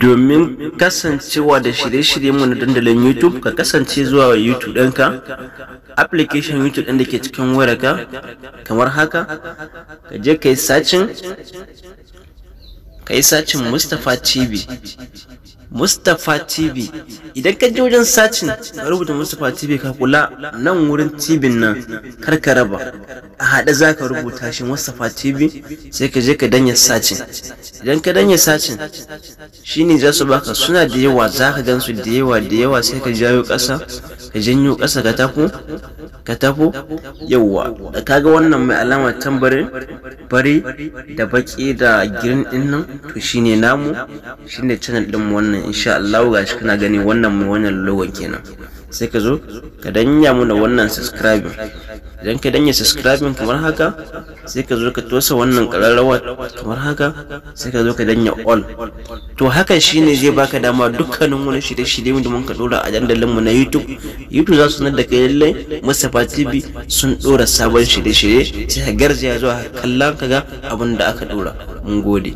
domin kasancewa da shirye-shirye mu na dandalin YouTube ka kasance zuwa YouTube ɗinka application YouTube ɗin da ke cikin ka, kamar haka ka je ka yi sacin Mustapha TV Mustapha TV idan ka je wajen sacin ka rubuta Mustapha TV ka kula nan wurin TV nan kar ka raba a haɗe za ka rubuta shi Mustapha TV sai ka je ka danya sacin idan ka danya sacin shi ne za su baka suna da yawa za ka gan su da yawa da yawa sai ka jawo ƙasa ka janyo ƙasa ka tafi ka tafo yauwa da kaga wannan mai alamar tambarin bari da baki da girin din nan to shine namu shine channel din wannan insha Allah shi kana gani wannan mai wannan logo kenan sai ka zo ka danya mu da wannan subscribe idan ka danya subscribing kamar haka sai ka zo ka tosa wannan ƙararrawa kamar haka sai ka zo ka danya all to haka shine zai baka dama dukkanin wani shirye-shirye da mun ka dora a dandalin mu na YouTube YouTube za su sanar da kai lallai Mustapha TV sun dora sabon shirye-shirye sai ka garzaya zuwa kallon kaga abin da aka dora mun gode